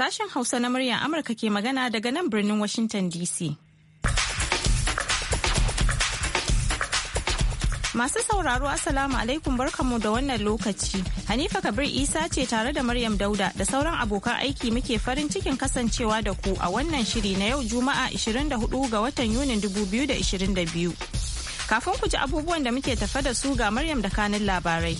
Sashen Hausa na muryar Amurka ke magana daga nan birnin Washington DC. Masu sauraro asalamu alaikum barkanmu da wannan lokaci. Hanifa Kabir Isa ce tare da Maryam Dauda da sauran abokan aiki muke farin cikin kasancewa da ku a wannan shiri na yau Juma'a 24 ga watan Yunin 2022. Kafin ku ji abubuwan da muke tafa da su ga Maryam da kanin labarai.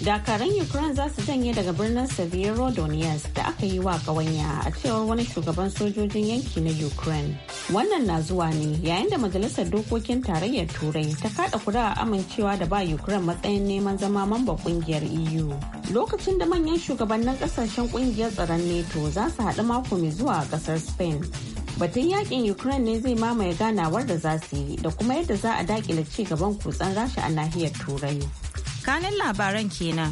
Dakaran Ukraine za su janye daga birnin Severo Donetsk da aka yi wa ƙawanya a cewar wani shugaban sojojin yanki na Ukraine. Wannan na zuwa ne yayin da Majalisar Dokokin Tarayyar Turai ta kada kura amincewa da ba Ukraine matsayin neman zama mamba kungiyar EU. Lokacin da manyan shugabannin kasashen kungiyar tsaron NATO za su haɗu mako mai zuwa a ƙasar Spain. batun yakin ukraine ne zai mamaye ganawar da za su yi da kuma yadda za a dakile ci gaban kutsen rasha a nahiyar turai kanin labaran kenan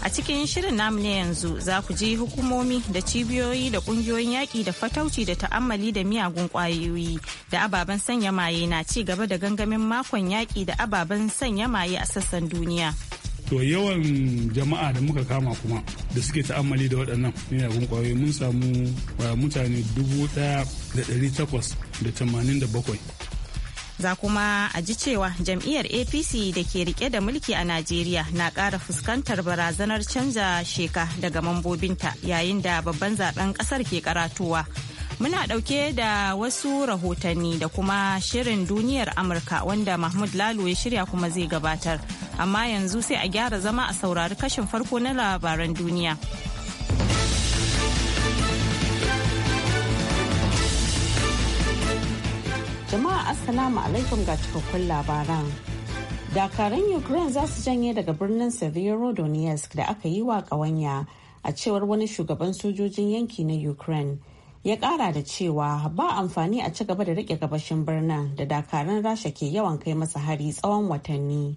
a cikin shirin namu ne yanzu za ku ji hukumomi da cibiyoyi da kungiyoyin yaƙi da fatauci da ta'ammali da miyagun ƙwayoyi da ababen sanya maye na ci gaba da gangamin makon yaƙi da ababen sanya maye a sassan duniya to yawan jama'a da muka kama kuma da suke ta'ammali da waɗannan miyagun ƙwayoyi mun samu eh, mutane dubu ɗaya da ɗari takwas da tamanin da bakwai za kuma a ji cewa jam'iyyar apc da ke rike da mulki a najeriya na kara fuskantar barazanar canza sheka daga mambobinta yayin da babban zaben ƙasar ke karatuwa muna ɗauke da wasu rahotanni da kuma shirin duniyar amurka wanda mahmud lalo ya shirya kuma zai gabatar amma yanzu sai a gyara zama a saurari kashin farko na labaran duniya. Jama'a Assalamu alaikum ga cikakkun labaran. Dakaran Ukraine za su janye daga birnin Severodonetsk da aka yi wa kawanya a cewar wani shugaban sojojin yanki na Ukraine. Ya kara da cewa ba amfani a ci gaba da rike gabashin birnin da dakaran Rasha ke yawan kai masa hari tsawon watanni.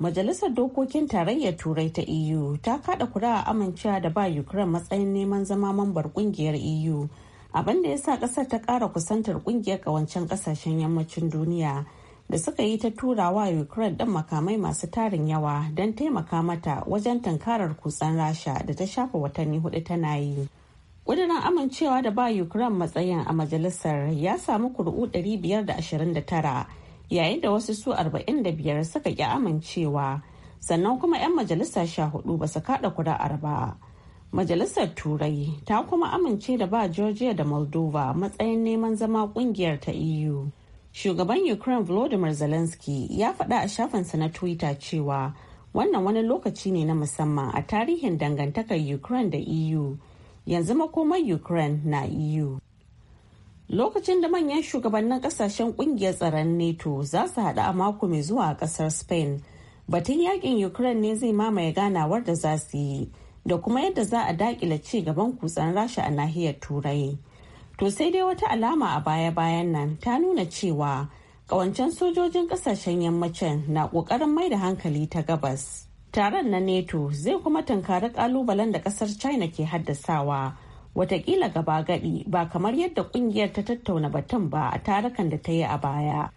Majalisar Dokokin Tarayyar Turai ta EU ta kada kura amincewa da ba Ukraine matsayin neman zama mambar kungiyar EU. abinda da ya sa kasar ta kara kusantar kungiyar kawancen kasashen yammacin duniya da suka yi ta turawa ukraine ɗin makamai masu tarin yawa don taimaka mata wajen tankarar kutsan rasha da ta shafa watanni hudu tana yi ƙudurin amincewa da ba ukraine matsayin a majalisar ya samu kuri'u 529 yayin da wasu su 45 suka ƙi amincewa sannan kuma 'yan majalisa 14 ba su kada kuri'ar ba. Majalisar Turai ta kuma amince da ba Georgia da Moldova matsayin neman zama kungiyar ta EU. Shugaban Ukraine Volodymyr Zelensky ya faɗa a shafinsa na Twitter cewa wannan wani lokaci ne na musamman a tarihin dangantakar Ukraine da EU. Yanzu makomar Ukraine na EU. Lokacin da manyan shugabannin kasashen kungiyar tsaron NATO za su haɗu a mako mai zuwa a ƙasar Spain, batun yakin Ukraine ne zai mamaye ganawar da za su yi. da kuma yadda za a dakila ci gaban kutsen rasha a nahiyar turai to sai dai wata alama a baya-bayan nan ta nuna cewa kawancen sojojin kasashen yammacin na kokarin mai da hankali ta gabas taron na neto zai kuma tunkari kalubalen da kasar china ke haddasawa watakila gaba gadi ba kamar yadda kungiyar ta tattauna batun ba a tarukan da ta yi a baya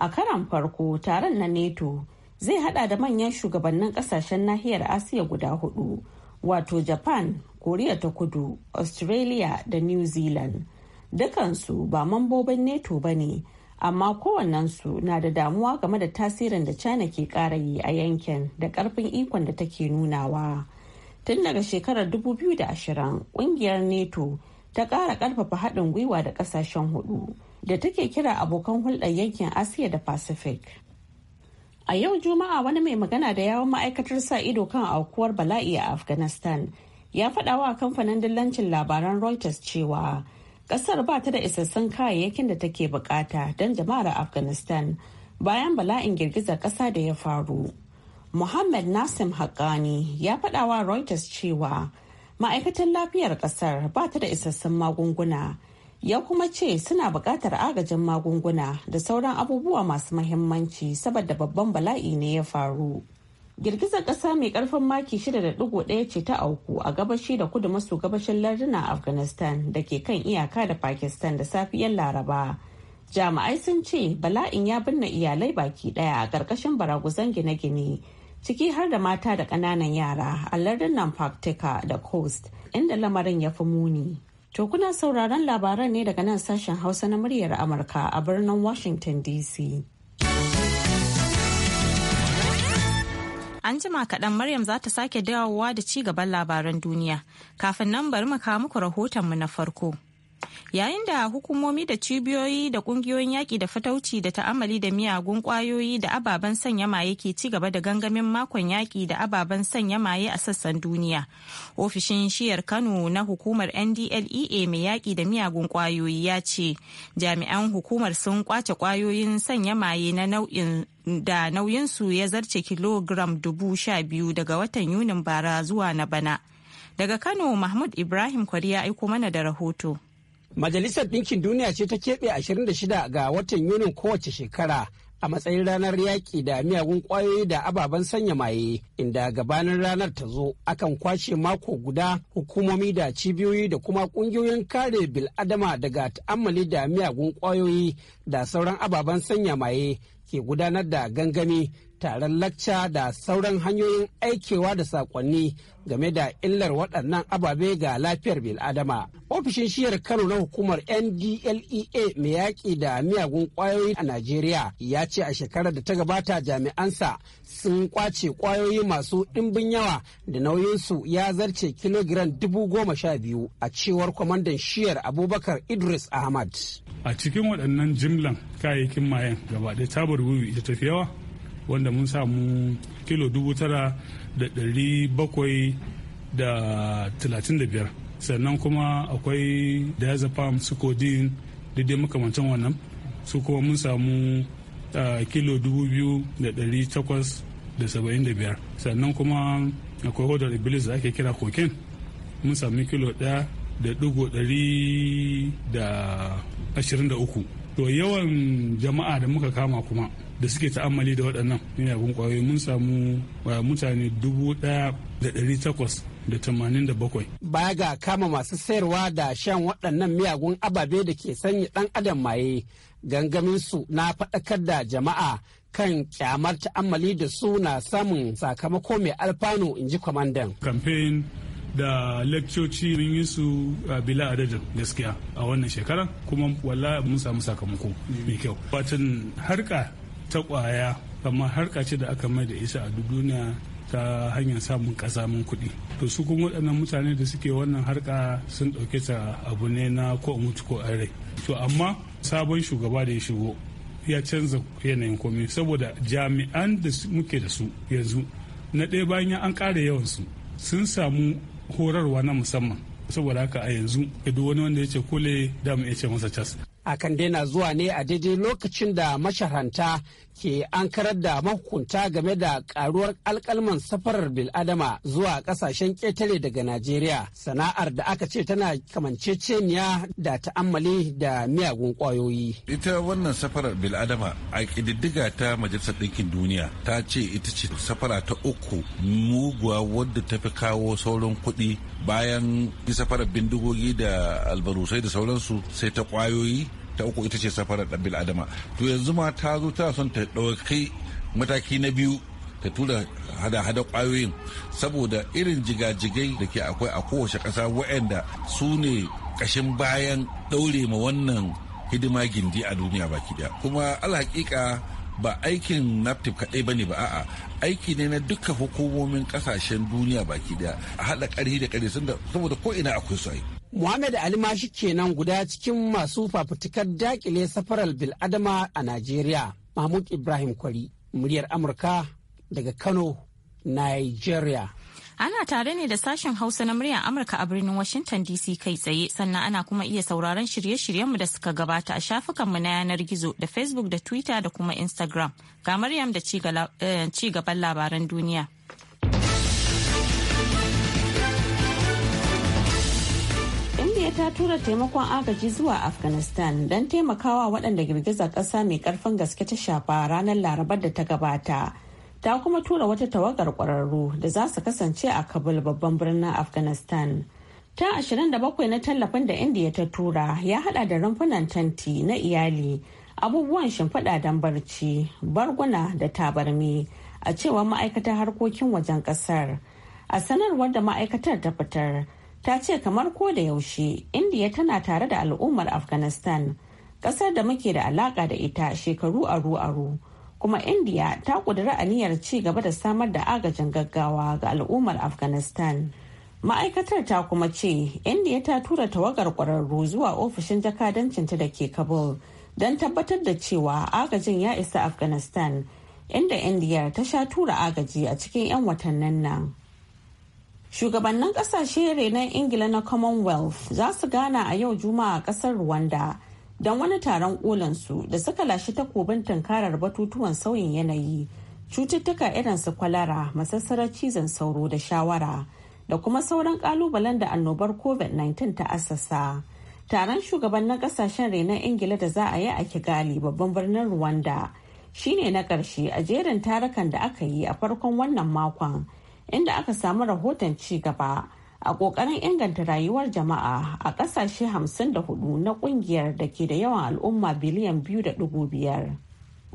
a karan farko taron na neto zai hada da manyan shugabannin kasashen nahiyar asiya guda hudu wato japan koriya ta kudu australia da new zealand dukansu ba mambobin neto ba ne amma kowannensu na da damuwa game da tasirin da china ke kara yi a yankin da karfin ikon da take nunawa tun daga shekarar 2020 kungiyar neto ta kara karfafa haɗin gwiwa da kasashen hudu da take kira abokan hulɗar yankin asiya da pacific A yau Juma'a wani mai magana da yawon ma'aikatar sa ido kan aukuwar bala'i a Afghanistan ya faɗawa a kamfanin dillancin labaran Reuters cewa ƙasar ba ta da isassun kayayyakin da take bukata don jama'ar Afghanistan bayan bala'in girgizar ƙasa da ya faru. Muhammad Nasim Haqqani ya faɗawa Reuters cewa ma'aikatan lafiyar ƙasar ba ta da isassun magunguna. ya kuma ce suna buƙatar agajin magunguna da sauran abubuwa masu mahimmanci saboda babban bala'i ne ya faru girgizar ƙasa mai ƙarfin maki 6.1 ce ta auku a gabashi da kudu maso gabashin larduna afghanistan da ke kan iyaka da pakistan da safiyar laraba jami'ai sun ce bala'in ya binne iyalai baki daya a ƙarƙashin baraguzan gine-gine ciki har da mata da ƙananan yara a lardunan faktika da coast inda lamarin ya fi muni To kuna sauraron labaran ne daga nan sashen Hausa na muryar Amurka a birnin Washington DC. An jima kaɗan Maryam za ta sake dawowa da ci gaban labaran duniya. Kafin nan bari mu kawo muku mu na farko. yayin da hukumomi da cibiyoyi da kungiyoyin yaƙi da fatauci da ta'amali da miyagun ƙwayoyi da ababen sanya maye ke ci gaba da gangamin makon yaƙi da ababen sanya maye a sassan duniya ofishin shiyar kano na hukumar ndlea mai yaƙi da miyagun ƙwayoyi ya ce jami'an hukumar sun kwace ƙwayoyin sanya maye na nau'in da nauyinsu ya zarce kilogram dubu sha biyu daga watan yunin bara zuwa na bana daga kano mahmud ibrahim kwari ya aiko mana da rahoto Majalisar Ɗinkin Duniya ce ta keɓe 26 ga watan Yunin kowace shekara a matsayin ranar yaƙi da miyagun ƙwayoyi da ababen sanya maye inda gabanin ranar ta zo akan kwashe mako guda hukumomi da cibiyoyi da kuma ƙungiyoyin kare bil'adama daga ta'ammali da miyagun ƙwayoyi da sauran ababen sanya maye ke gudanar da gangami taron lacca da sauran hanyoyin aikewa da sakonni game da illar waɗannan ababe ga lafiyar bil'adama. Ofishin shiyar Kano na hukumar NDLEA mai yaƙi da miyagun ƙwayoyi a Najeriya ya ce a shekarar da ta gabata jami'ansa sun kwace ƙwayoyi masu ɗimbin yawa da nauyinsu ya zarce kilogiram dubu goma sha biyu a cewar kwamandan shiyar Abubakar Idris Ahmad. A cikin waɗannan jimlan kayayyakin mayan gaba ɗaya tabar wuyu ita tafi yawa wanda mun samu kilo dubu tara da ɗari bakwai da talatin da biyar sannan kuma akwai diazepam sucodin daidai makamancin wannan su kuma mun samu kilo dubu biyu da ɗari takwas da saba'in da biyar sannan kuma akwai hodar iblis da ake kira kokin mun sami kilo ɗaya da dugo ɗari da ashirin da uku to yawan jama'a da muka kama kuma da suke ta'ammali da waɗannan miyagun kwayoyi mun samu eh, mutane dubu ɗaya da ɗari takwas da tamanin da bakwai. Baya ga kama masu sayarwa da shan waɗannan miyagun ababe da ke sanya ɗan adam maye gangamin su na faɗakar da jama'a kan kyamar ta'ammali da su na samun sakamako mai alfanu in ji kwamandan. Kamfen da lekcoci mun yi su a eh, bila adadin gaskiya a wannan shekara kuma wala mun samu sakamako mai kyau. Watan harka ta kwaya amma harka ce da aka mai da isa a duniya ta hanyar samun kasamin kuɗi to su kuma waɗannan mutane da suke wannan harka sun ɗauke ta abu ne na ko mutu ko rai to amma sabon shugaba da ya shigo ya canza yanayin komai saboda jami'an da muke da su yanzu na ɗaya bayan an ƙara su sun samu horarwa na musamman saboda haka a yanzu duk wani wanda ya ce kule da mu ya ce masa cas akan daina zuwa ne a daidai lokacin da masharanta ke an karar da mahukunta game da karuwar alkalman safarar biladama zuwa kasashen ƙetare daga Najeriya sana'ar da aka ce tana kamanceceniya da ta'ammali da miyagun ƙwayoyi. Ita wannan safarar biladama a ƙididdiga ta Majalisar Ɗinkin Duniya ta ce ita ce safara ta uku muguwa wadda ta fi kawo sauran kuɗi bayan safarar bindigogi da albarusai da sauransu sai ta ƙwayoyi ta uku ita ce safarar ɗabbil adama to yanzu ma ta zo tana son ta ɗauki mataki na biyu ta tura hada-hada kwayoyin saboda irin jigajigai da ke akwai a kowace ƙasa waɗanda su ne ƙashin bayan ɗaure ma wannan hidima gindi a duniya baki daya kuma alhaƙiƙa ba aikin naftif kaɗai ba ne ba a'a aiki ne na duka hukumomin ƙasashen duniya baki daya a haɗa ƙarhi da ƙarhi saboda ko ina akwai su aiki Muhammad Ali Ma shi kenan guda cikin masu fafutukar dakile safarar bil'adama a Najeriya. Mahmud Ibrahim Kwari, muryar Amurka daga Kano, Nigeria. Ana tare ne da sashen Hausa na muryar Amurka a birnin Washington DC kai tsaye sannan ana kuma iya sauraron shirye-shiryenmu da suka gabata a shafukanmu na yanar gizo da Facebook da Twitter da kuma Instagram. Ga Maryam da ci eh, gaban labaran duniya. Turkiya ta tura taimakon agaji zuwa Afghanistan don taimakawa waɗanda girgizar ƙasa mai ƙarfin gaske ta shafa ranar Larabar da ta gabata. Ta kuma tura wata tawagar ƙwararru da za su kasance a Kabul babban birnin Afghanistan. Ta 27 na tallafin da Indiya ta tura ya hada da rumfunan tanti na iyali, abubuwan shimfiɗa don barci, barguna da tabarmi, a cewar ma'aikatar harkokin wajen ƙasar. A sanarwar da ma'aikatar ta fitar, ta ce kamar ko da yaushe indiya tana tare da al'ummar afghanistan kasar da muke da alaka da ita shekaru aru-aru kuma indiya ta kudura aniyar ci gaba da samar da agajin gaggawa ga al'ummar afghanistan ma'aikatar ta kuma ce indiya ta tura tawagar kwararru zuwa ofishin jakadancinta da ke kabul don tabbatar da cewa agajin ya isa afghanistan inda indiya ta sha tura agaji a cikin 'yan watannin nan. Shugabannin kasashe renon Ingila na Commonwealth za su gana a yau Juma'a a kasar Rwanda don wani taron kolansu da suka lashe takobin tunkarar batutuwan sauyin yanayi, cututtuka irin su kwalara, masassarar cizon sauro da shawara, da kuma sauran kalubalen da annobar COVID-19 ta asasa Taron shugabannin kasashen renon Ingila da za a yi a Kigali babban birnin Rwanda shine na ƙarshe a jerin tarukan da aka yi a farkon wannan makon. inda aka samu rahoton ci gaba a ƙoƙarin inganta rayuwar jama'a a ƙasashe 54 na ƙungiyar da ke da yawan al'umma biliyan 2.5.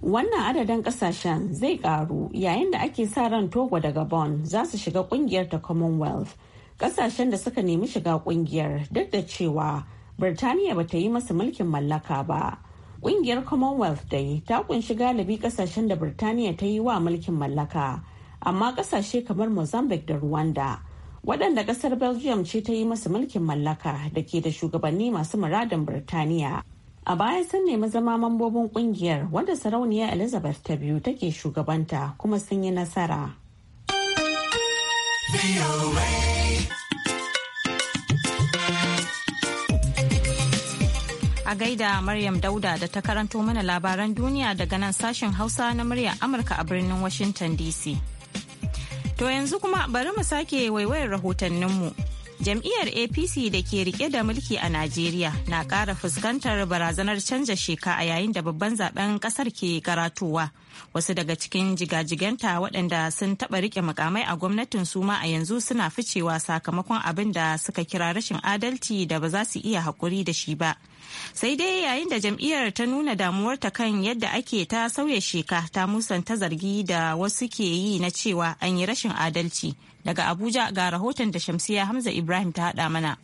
Wannan adadin ƙasashen zai karu yayin da ake sa ran Togo da Gabon za su shiga ƙungiyar ta Commonwealth. Ƙasashen da suka nemi shiga ƙungiyar duk da cewa Birtaniya ba ta yi masa mulkin mallaka ba. Ƙungiyar Commonwealth dai ta kunshi galibi ƙasashen da Birtaniya ta yi wa mulkin mallaka. amma kasashe kamar mozambique da rwanda waɗanda ƙasar belgium ce ta yi masu mulkin mallaka da ke da shugabanni masu muradin birtaniya a baya sun nemi zama mambobin ƙungiyar wanda sarauniya elizabeth ta biyu take shugabanta kuma sun yi nasara a gaida Maryam Dauda da ta karanto mana labaran duniya daga nan sashen Hausa na muryar Amurka a birnin Washington DC. To yanzu kuma bari mu sake waiwayar rahotanninmu. Jam'iyyar APC da ke rike da mulki a Najeriya na ƙara fuskantar barazanar canza sheka a yayin da babban zaben ƙasar ke karatowa. Wasu daga cikin jigajiganta waɗanda sun taɓa rike mukamai a gwamnatin suma a yanzu suna ficewa sakamakon abin da suka kira rashin adalci da ba za su iya haƙuri da shi ba. sai dai yayin da jam'iyyar ta nuna damuwarta kan yadda ake ta sauya sheka ta musanta zargi da wasu ke yi na cewa an yi rashin adalci daga abuja ga rahoton da shamsiya hamza ibrahim ta haɗa mana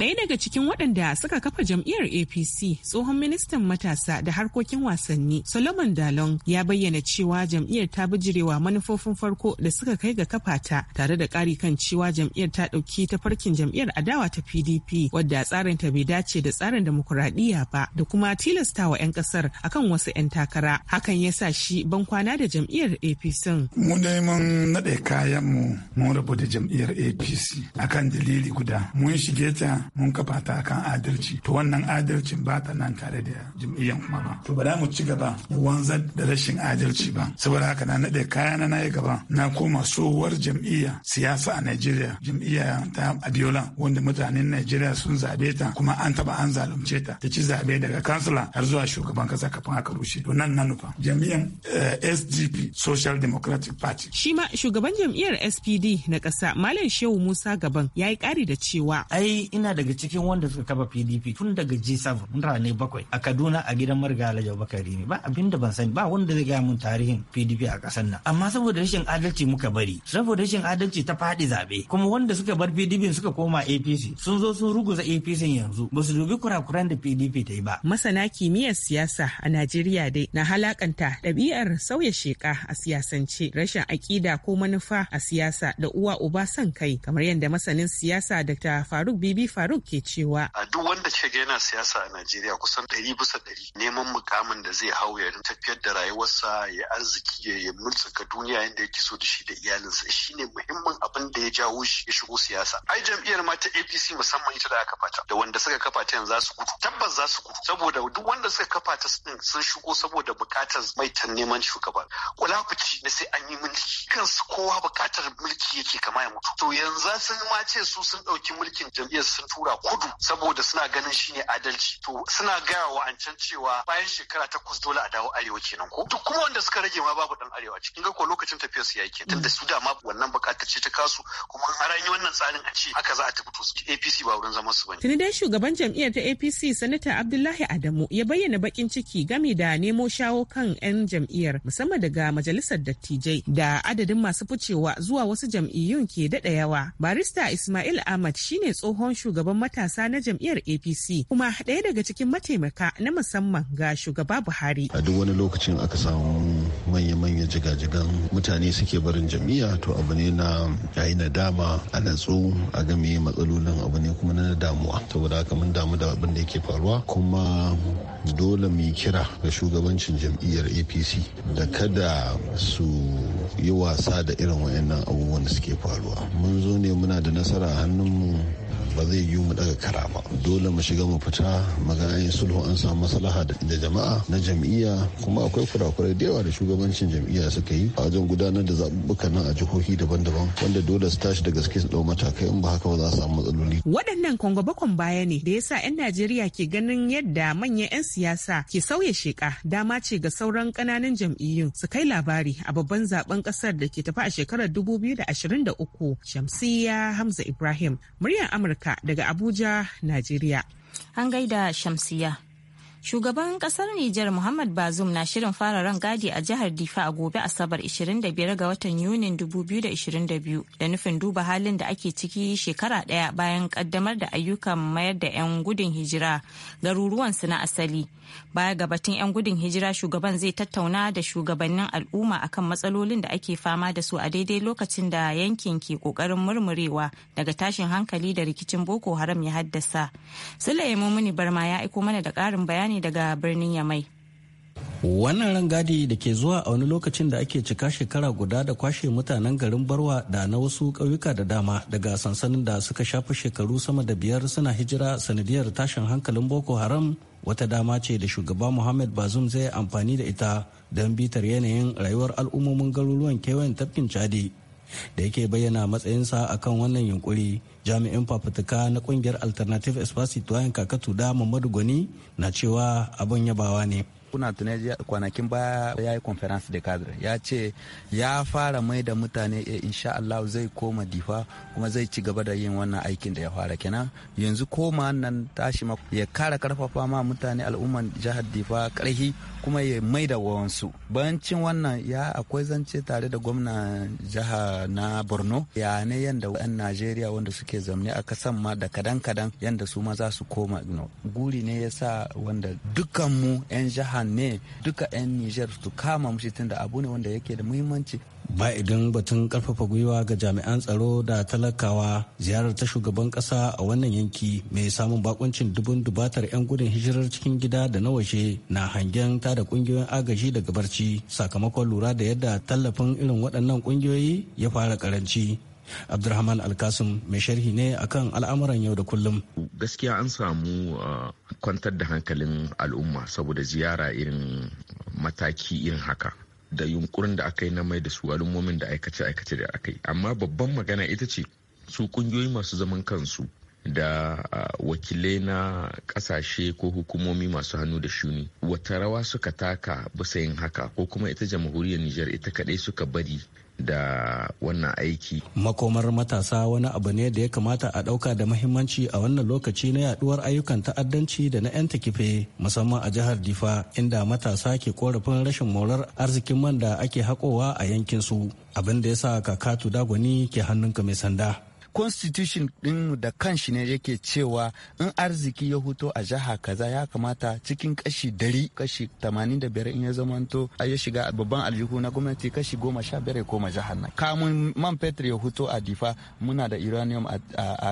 Ɗaya daga cikin waɗanda suka kafa jam'iyyar APC tsohon ministan matasa da harkokin wasanni Solomon Dalon ya bayyana cewa jam'iyyar ta bijirewa manufofin farko da suka kai ga kafa ta tare da ƙari kan cewa jam'iyyar ta ɗauki tafarkin jam'iyyar adawa ta PDP wadda tsarin ta bai dace da tsarin demokuraɗiyya ba da kuma tilastawa 'yan ƙasar akan wasu 'yan takara hakan ya sa shi ban kwana da jam'iyyar APC. Mu dai mun naɗe kayan mu mun rabu da jam'iyyar APC akan dalili guda mun shige ta mun kafa ta kan adalci to wannan adalcin ba ta nan tare da jam'iyyar kuma ba to ba mu ci gaba da wanzar da rashin adalci ba saboda haka na nade kaya na yi gaba na koma tsohuwar jam'iyya siyasa a Najeriya jam'iyya ta Abiola wanda mutanen Najeriya sun zabe ta kuma an taba an zalunce ta ta ci zabe daga kansila har zuwa shugaban kasa kafin aka rushe to nan na nufa jam'iyyar eh, SDP Social Democratic Party shi ma shugaban jam'iyyar SPD na ƙasa Malam Shehu Musa Gaban ya yi ƙari da cewa ai ina daga cikin wanda suka kafa pdp tun daga g7 mutane bakwai a kaduna a gidan marga alhaji bakari ne ba abin ban sani ba wanda zai gaya mun tarihin pdp a kasar nan amma saboda rashin adalci muka bari saboda rashin adalci ta faɗi zaɓe kuma wanda suka bar pdp suka koma apc sun zo sun ruguza apc yanzu ba su dubi kurakuran da pdp ta yi ba masana kimiyyar siyasa a najeriya dai na halakanta ɗabi'ar sauya sheka a siyasance rashin aƙida ko manufa a siyasa da uwa uba son kai kamar yadda masanin siyasa dr faruk bibi faruk Faruk ke cewa. A duk wanda ce yana siyasa a Najeriya kusan ɗari bisa ɗari neman mukamin da zai hau ya tafiyar da rayuwarsa ya arziki ya yi mulka duniya yadda yake so da shi da iyalinsa shine muhimmin abin da ya jawo shi ya shigo siyasa. Ai jam'iyyar ma ta APC musamman ita da aka fata da wanda suka kafa ta yanzu za su gudu tabbas za su gudu saboda duk wanda suka kafa ta sun shigo saboda bukatar maitan neman shugaba. Kulafuci na sai an yi mulki kansu kowa bukatar mulki yake kama ya mutu. To yanzu sun ma ce su sun ɗauki mulkin jam'iyyar sun tura kudu saboda suna ganin shi ne adalci to suna gaya wa ancan cewa bayan shekara takwas dole a dawo arewa kenan ko duk kuma wanda suka rage ma babu dan arewa cikin ga ko lokacin tafiyar su yake da su da ma wannan bukatar ce ta kasu kuma an ranyi wannan tsarin a ce aka za a tafi to APC ba wurin zaman su bane tuni dai shugaban jam'iyyar ta APC sanata Abdullahi Adamu ya bayyana bakin ciki game da nemo shawo kan 'yan jam'iyyar musamman daga majalisar dattijai da adadin masu ficewa zuwa wasu jam'iyyun ke daɗe yawa barista Ismail Ahmad shine tsohon shugaban shugaban matasa na jam'iyyar APC kuma ɗaya daga cikin mataimaka na musamman ga shugaba Buhari. A duk wani lokacin aka samu manya jiga jigajigan mutane suke barin jam'iyya to abu ne na yayi na dama a natsu a game matsalolin abu ne kuma na damuwa. Saboda haka mun damu da abin da yake faruwa kuma dole mu kira ga shugabancin jam'iyyar APC da kada su yi wasa da irin wayannan abubuwan da suke faruwa. Mun zo ne muna da nasara a hannunmu ba zai yiwu mu daga kara ba dole mu shiga mu fita magana yin sulhu an samu maslaha da jama'a na jam'iyya kuma akwai kurakurai da yawa da shugabancin jam'iyya suka yi a wajen gudanar da zaɓuɓɓuka nan a jihohi daban-daban wanda dole su tashi da gaske su ɗau matakai in ba haka ba za su samu matsaloli. waɗannan bakon baya ne da yasa 'yan najeriya ke ganin yadda manyan 'yan siyasa ke sauya sheƙa dama ce ga sauran ƙananan jam'iyyun su kai labari a babban zaben ƙasar da ke tafi a shekarar 2023 shamsiya hamza ibrahim muryar amurka daga Abuja, Najeriya. An gaida Shamsiya. Shugaban kasar Nijar Muhammad Bazoum na shirin fara ran gadi a jihar Difa a gobe Asabar 25 ga watan Yuni 2022 da nufin duba halin da ake ciki shekara daya bayan kaddamar da ayyukan mayar da 'yan gudun hijira garuruwansu na asali. Baya ga batun 'yan gudun hijira shugaban zai tattauna da shugabannin al'umma akan matsalolin da ake fama da su a daidai lokacin da yankin ke kokarin murmurewa daga tashin hankali da rikicin Boko Haram ya haddasa. Sule muni Barma ya aiko mana da ƙarin bayani ne daga birnin Yamai. Wannan rangadi da ke zuwa a wani lokacin da ake cika shekara guda da kwashe mutanen garin Barwa da na wasu ƙauyuka da dama daga sansanin da suka shafi shekaru sama da biyar suna hijira sanadiyar tashin hankalin Boko Haram wata dama ce da shugaba Muhammad Bazum zai amfani da ita don bitar yanayin rayuwar al'ummomin garuruwan kewayen tafkin Chadi da yake bayyana matsayinsa akan wannan yunkuri jami'in fafutuka na kungiyar alternative espace citoyen kakatu da mamadu gwani na cewa abin yabawa ne kuna tunai kwanakin baya ya yi conference de cadre ya ce ya fara mai da mutane eh, insha Allah zai koma difa kuma zai ci gaba da yin wannan aikin da ya fara kenan yanzu koma nan tashi ya kara karfafa ma mutane al'umman jihar difa karhi kuma ya mai da wawansu bayancin wannan ya akwai zance tare da gwamnan jiha na borno ya ne yadda 'yan najeriya wanda suke zamne a kasan ma da kadan kadan yadda su ma za su koma guri ne ya sa wanda dukkanmu 'yan jiha Burhan ne duka 'yan Nijar su kama mushi tunda abu ne wanda yake da muhimmanci. Ba idan batun karfafa gwiwa ga jami'an tsaro da talakawa ziyarar ta shugaban kasa a wannan yanki mai samun bakuncin dubun dubatar 'yan gudun hijirar cikin gida da na waje na hangen ta da kungiyoyin agaji daga barci sakamakon lura da yadda tallafin irin waɗannan kungiyoyi ya fara karanci abdulrahman alkasim mai sharhi ne akan al'amuran yau da kullum gaskiya an samu uh, kwantar da hankalin al'umma saboda ziyara irin mataki irin haka da yunkurin da aka yi na mai da su al'ummomin da aikace-aikace da aka yi amma babban magana ita ce su kungiyoyi masu zaman kansu da uh, wakilai na kasashe ko hukumomi masu hannu da shuni wata rawa suka taka bisa yin haka ko kuma ita jamhuriyar Nijar ita kadai suka bari da wannan aiki. Makomar matasa wani abu ne da ya kamata a ɗauka da mahimmanci a wannan lokaci na yaduwar ayyukan ta'addanci da na 'yan takife musamman a jihar Difa inda matasa ke korafin rashin morar arzikin man da ake haƙowa a yankin su abin da ya sa kakatu dagwani ke hannunka mai sanda. constitution din da kanshi ne yake cewa in arziki ya huto a jiha kaza ya kamata cikin kashi dari kashi 85 in ya zamanto a ya shiga babban aljihu na gwamnati kashi goma sha biyar ya koma jihar nan kamun man fetur ya huto a difa muna da uranium a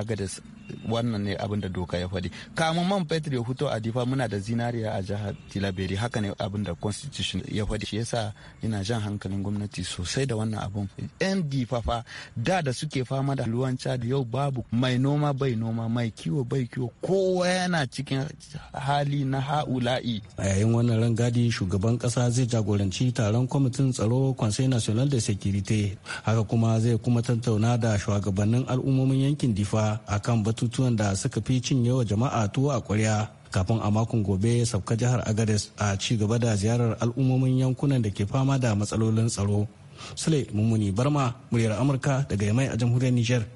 agadis wannan ne abin da doka ya faɗi kamun man fetur ya fito a difa muna da zinariya a jihar tilaberi haka ne abin da constitution ya faɗi shi yasa ina jan hankalin gwamnati sosai da wannan abin yan difa fa da da suke fama da ruwan da yau babu mai noma bai noma mai kiwo bai kiwo kowa yana cikin hali na ha'ula'i a yayin wannan rangadi shugaban kasa zai jagoranci taron kwamitin tsaro conseil national de securite haka kuma zai kuma tattauna da shugabannin al'ummomin yankin difa akan batun batutuwan da suka fi cinye wa jama'a tuwo a ƙwarya kafin a makon gobe sauka jihar agades a ci gaba da ziyarar al'ummomin yankunan da ke fama da matsalolin tsaro sule mummuni barma muryar amurka daga yamai a jamhuriyar niger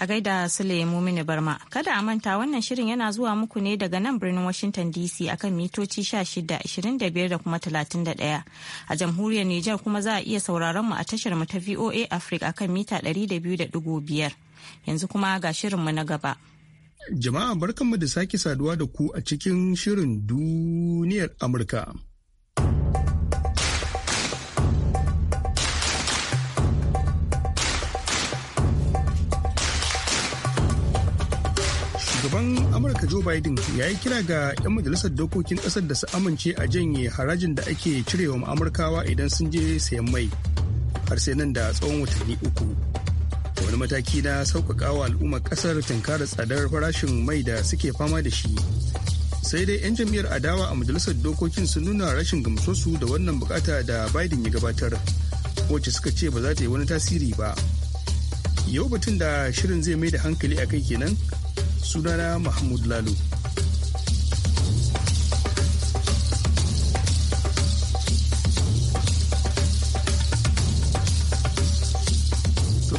a gaida Suleimu Mini Barma. Kada a manta wannan shirin yana zuwa muku ne daga nan birnin Washington DC akan mitoci 16, da kuma 31. A jamhuriyar Nijar kuma za a iya sauraron mu a tashar mu ta VOA Africa akan mita 200.5. Yanzu kuma ga shirin mu na gaba. Jama'a barkanmu da sake saduwa da ku a cikin shirin duniyar Amurka. shugaban amurka joe biden ya yi kira ga 'yan majalisar dokokin kasar da su amince a janye harajin da ake cirewa amurkawa idan sun je sayan mai har sai nan da tsawon watanni uku wani mataki na sauƙaƙawa al'ummar ƙasar tunkarar tsadar farashin mai da suke fama da shi sai dai 'yan jam'iyyar adawa a majalisar dokokin sun nuna rashin gamsosu da wannan bukata da biden ya gabatar wacce suka ce ba za ta yi wani tasiri ba yau batun da shirin zai mai da hankali a kai kenan sunana mahmud lalu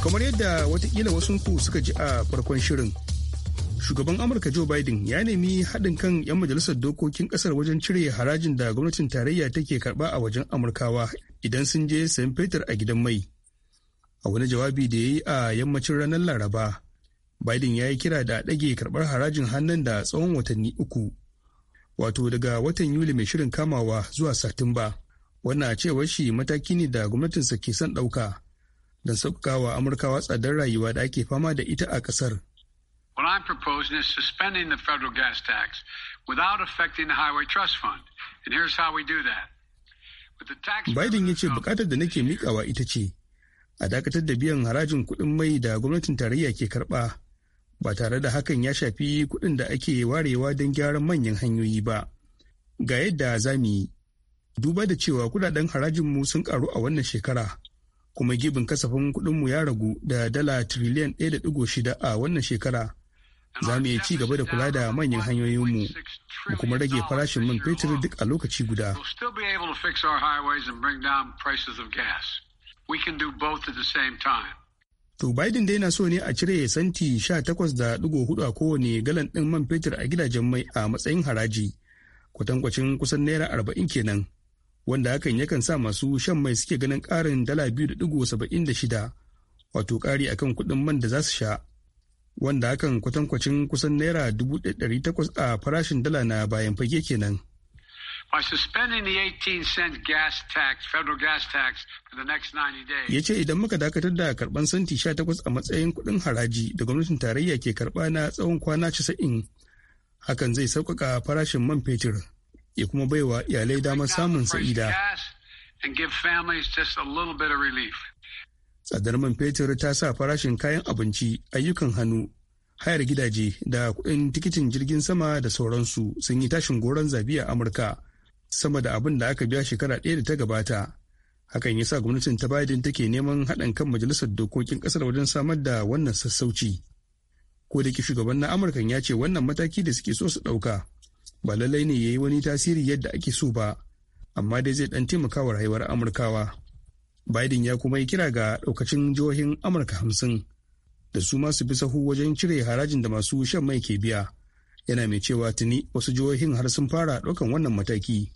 kamar yadda watakila wasunku suka ji a farkon shirin shugaban amurka joe biden ya nemi haɗin kan 'yan majalisar dokokin ƙasar wajen cire harajin da gwamnatin tarayya take karɓa a wajen amurkawa idan sun je st peter a gidan mai a wani jawabi da ya yi a yammacin ranar laraba biden ya yi kira da ɗage karɓar harajin hannun da tsawon watanni uku wato daga watan yuli mai shirin kamawa zuwa satumba wannan cewar shi mataki ne da gwamnatinsa ke son ɗauka don sauƙaƙawa amurkawa tsadar rayuwa da ake fama da ita a ƙasar What I'm suspending the federal gas tax without affecting the Highway Trust Fund. And here's how Biden ya ce bukatar da nake mikawa ita ce, a dakatar da biyan harajin kuɗin mai da gwamnatin tarayya ke karɓa ba tare da hakan ya shafi kuɗin da ake warewa don gyaran manyan hanyoyi ba ga yadda za mu yi duba da cewa kudaden harajinmu sun karu a wannan shekara kuma gibin kasafin kuɗinmu ya ragu da dala ɗaya da ɗigo shida a wannan shekara za mu iya ci gaba da kula da manyan hanyoyinmu mu kuma rage farashin man fetur duk a lokaci guda. We can do both at the same time. To Biden dai na so ne a cire santi hudu a kowane galan ɗin man fetur a gidajen mai a matsayin haraji, kwatankwacin kusan naira arba'in kenan, wanda hakan yakan sa masu shan mai suke ganin ƙarin dala biyu da da shida, wato ƙari akan kuɗin man da za su sha, wanda hakan kwatankwacin kusan naira 1,800 a farashin dala na bayan fage kenan. Ya ce idan muka dakatar da karban santi 18 a matsayin kuɗin haraji da gwamnatin tarayya ke karɓa na tsawon kwana 90 hakan zai sauƙaƙa farashin man fetur ya kuma baiwa iyalai damar samun sa'ida. Tsadar man fetur ta sa farashin kayan abinci, ayyukan hannu, hayar gidaje da kuɗin tikitin jirgin sama da sauransu sun yi tashin goron zabi a Amurka. sama da abin da aka biya shekara ɗaya da ta gabata hakan ya sa gwamnatin ta biden take neman haɗin kan majalisar dokokin ƙasar wajen samar da wannan sassauci ko da ke shugaban na amurkan ya ce wannan mataki da suke so su ɗauka ba lallai ne ya yi wani tasiri yadda ake so ba amma dai zai ɗan taimakawa rayuwar amurkawa biden ya kuma yi kira ga ɗaukacin jihohin amurka hamsin da su masu bi sahu wajen cire harajin da masu shan mai ke biya yana mai cewa tuni wasu jihohin har sun fara ɗaukan wannan mataki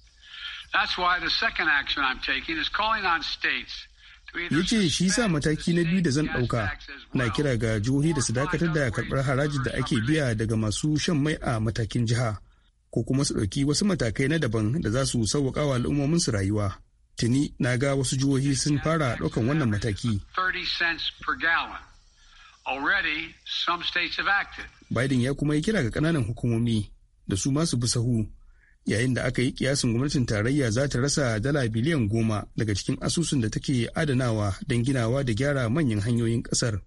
ya ce shi sa mataki na biyu da zan ɗauka na kira ga jihohi da su dakatar da karɓar harajin da ake biya daga masu shan mai a matakin jiha ko kuma su ɗauki wasu matakai na daban da za su sauwaƙa wa al'ummomin su rayuwa tuni na ga wasu jihohi sun fara ɗaukan wannan mataki Biden ya kuma yi kira ga ƙananan hukumomi da su masu bi sahu yayin da aka yi kiyasin gwamnatin tarayya za ta rasa dala biliyan goma daga cikin asusun da take adanawa don ginawa da gyara manyan hanyoyin kasar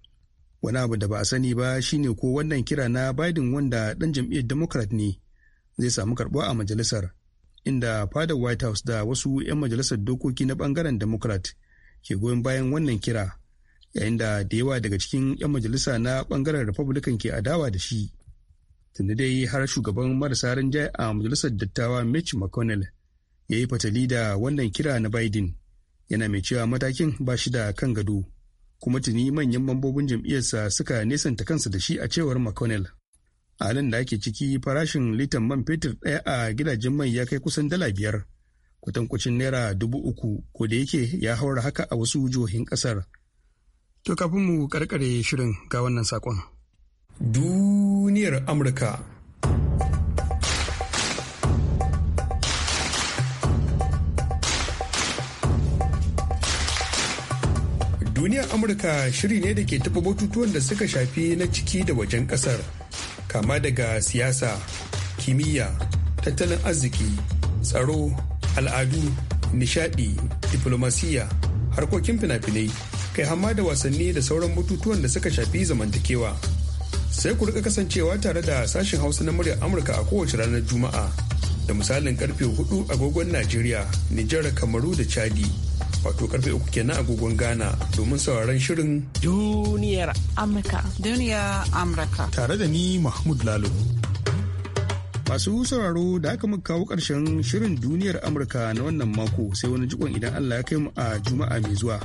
wani abu da ba a sani ba shine ko wannan kira na biden wanda dan jam'iyyar democrat ne zai samu karbuwa a majalisar inda fadar white house da wasu 'yan majalisar dokoki na bangaren democrat ke goyon bayan wannan kira yayin da da yawa daga cikin 'yan majalisa na bangaren republican ke adawa da shi tunda dai har shugaban marasa rinjaye a majalisar dattawa mitch mcconnell ya yi fatali da wannan kira na biden yana mai cewa matakin ba shi da kan gado kuma tuni manyan mambobin jam'iyyarsa suka nesanta kansa da shi a cewar mcconnell halin da ake ciki farashin litan man fetur ɗaya a gidajen mai ya kai kusan dala biyar kwatankwacin naira dubu uku ko da yake ya haura haka a wasu jihohin ƙasar to kafin mu karkare shirin ga wannan sakon. duniyar Amurka. Duniyar Amurka shiri ne da ke taɓa batutuwan da suka shafi na ciki da wajen ƙasar, kama daga siyasa, kimiyya, tattalin arziki, tsaro, al'adu, nishadi, diflomasiyya, harkokin fina-finai, kai hamma da wasanni da sauran batutuwan da suka shafi zamantakewa. sai ku rika kasancewa tare da sashen hausa na muryar amurka a kowace ranar juma'a da misalin karfe 4 agogon najeriya nijar kamaru da chadi wato karfe uku kenan agogon ghana domin sauraron shirin duniyar amurka duniyar amurka tare da ni mahmud lalo masu sauraro da aka muka kawo karshen shirin duniyar amurka na wannan mako sai wani jikon idan allah ya kai mu a juma'a mai zuwa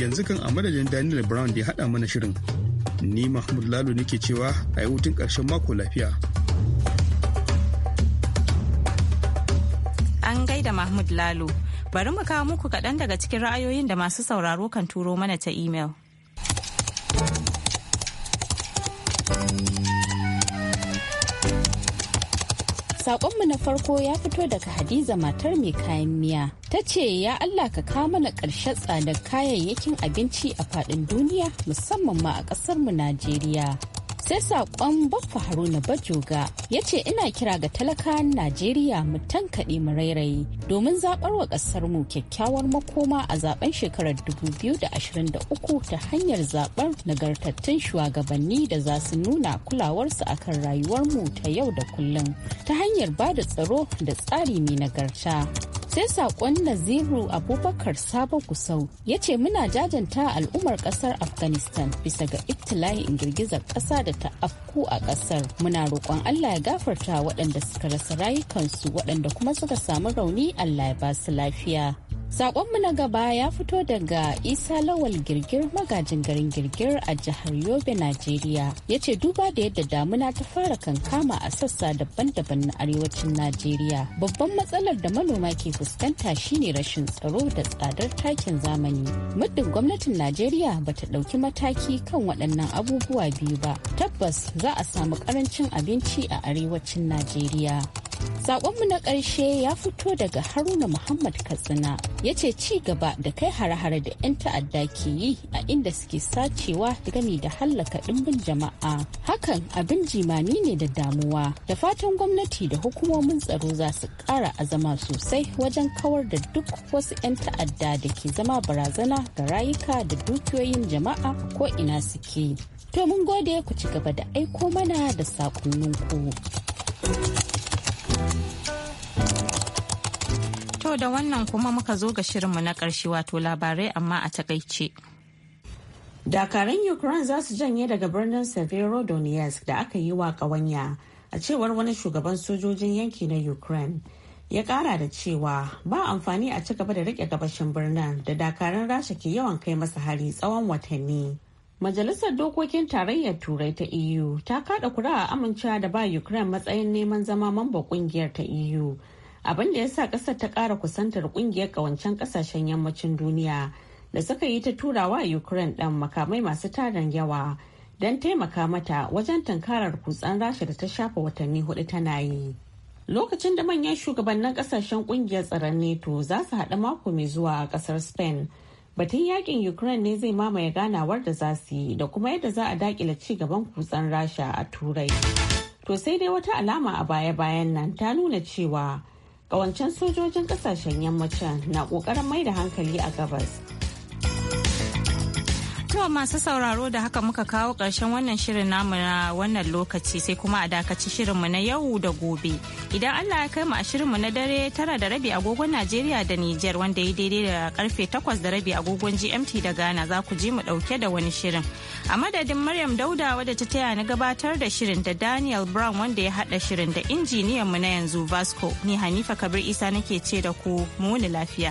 yanzu kan a madadin daniel brown da ya haɗa mana shirin Ni Mahmud Lalo nake cewa a yi hutun ƙarshen mako lafiya. An gaida Mahmud lalu Bari mu kawo muku kaɗan daga cikin ra'ayoyin da masu sauraro kan turo mana ta imel. Sakonmu na farko ya fito daga Hadiza matar mai kayan miya. Ta ce ya Allah ka ka mana ƙarshen tsadar kayayyakin abinci a faɗin duniya musamman ma a ƙasarmu Najeriya. sai saƙon bakwa haruna bajoga ya ce ina kira ga talaka najeriya mu tankaɗe mu rairayi domin zaɓar wa ƙasar kyakkyawar makoma a zaɓen shekarar 2023 ta hanyar zaɓar nagartattun shugabanni da za su nuna kulawarsu akan rayuwar mu ta yau da kullum ta hanyar ba da tsaro da tsari mai nagarta. sai sakon naziru abubakar sabo kusau ya ce muna jajanta al'ummar kasar afghanistan bisa ga in girgizar kasa da ta afku a kasar muna roƙon allah ya gafarta waɗanda suka rasa rayukansu waɗanda kuma suka samu rauni allah ya ba su lafiya Sakonmu na gaba ya fito daga Isa Lawal Girgir magajin garin Girgir a jihar Yobe, Najeriya. Ya ce duba da yadda damuna ta fara kankama a sassa daban-daban na arewacin Najeriya. Babban matsalar da manoma ke fuskanta shine rashin tsaro da tsadar takin zamani. Muddin gwamnatin Najeriya ba ta ɗauki mataki kan waɗannan abubuwa biyu ba. Tabbas za a samu ƙarancin abinci a arewacin Najeriya. saƙonmu na ƙarshe ya fito daga Haruna Muhammad Katsina ya ce ci gaba da kai hare-hare da 'yan ta'adda ke yi a inda suke sacewa gami da hallaka ɗimbin jama'a. Hakan abin jimami ne da damuwa da fatan gwamnati da hukumomin tsaro za su ƙara azama sosai wajen kawar da duk wasu 'yan ta'adda da ke zama barazana ga rayuka da dukiyoyin jama'a ko ina suke. To mun gode ku ci gaba da aiko mana da saƙonninku. To da wannan kuma muka zo ga shirinmu na ƙarshe wato labarai amma a takaice. Dakarun Ukraine za su janye daga birnin Severodonetsk da aka yi wa ƙawanya a cewar wani shugaban sojojin yanki na Ukraine. Ya ƙara da cewa ba amfani a ci gaba da rike gabashin birnin da dakarun rasha ke yawan kai masa hari tsawon watanni. Majalisar Dokokin Tarayyar Turai ta EU ta kada kura a amincewa da ba Ukraine matsayin neman zama mamba kungiyar ta EU. abin da ya sa ƙasar ta ƙara kusantar ƙungiyar ƙawancen ƙasashen yammacin duniya da suka yi ta turawa ukraine ɗan makamai masu tarin yawa don taimaka mata wajen tunkarar kutsan rasha da ta shafa watanni hudu tana yi lokacin da manyan shugabannin ƙasashen ƙungiyar tsaron neto za su haɗu mako mai zuwa a ƙasar spain batun yakin ukraine ne zai mamaye ganawar da za su yi da kuma yadda za a dakila ci gaban kutsan rasha a turai to sai dai wata alama a baya-bayan nan ta nuna cewa Kawancen sojojin ƙasashen yammacin na ƙoƙarin mai da hankali a gabas masu sauraro da haka muka kawo ƙarshen wannan shirin namu na wannan lokaci sai kuma a dakaci shirinmu na yau da gobe. Idan Allah ya kai mu a shirinmu na dare tara da rabi agogon Najeriya da Nijar wanda ya daidai da karfe takwas da rabi agogon GMT da Ghana za ku ji mu ɗauke da wani shirin. A madadin Maryam Dauda wadda ta taya ni gabatar da shirin da Daniel Brown wanda ya haɗa shirin da injiniyanmu na yanzu Vasco ni Hanifa Kabir Isa nake ce da ku mu lafiya.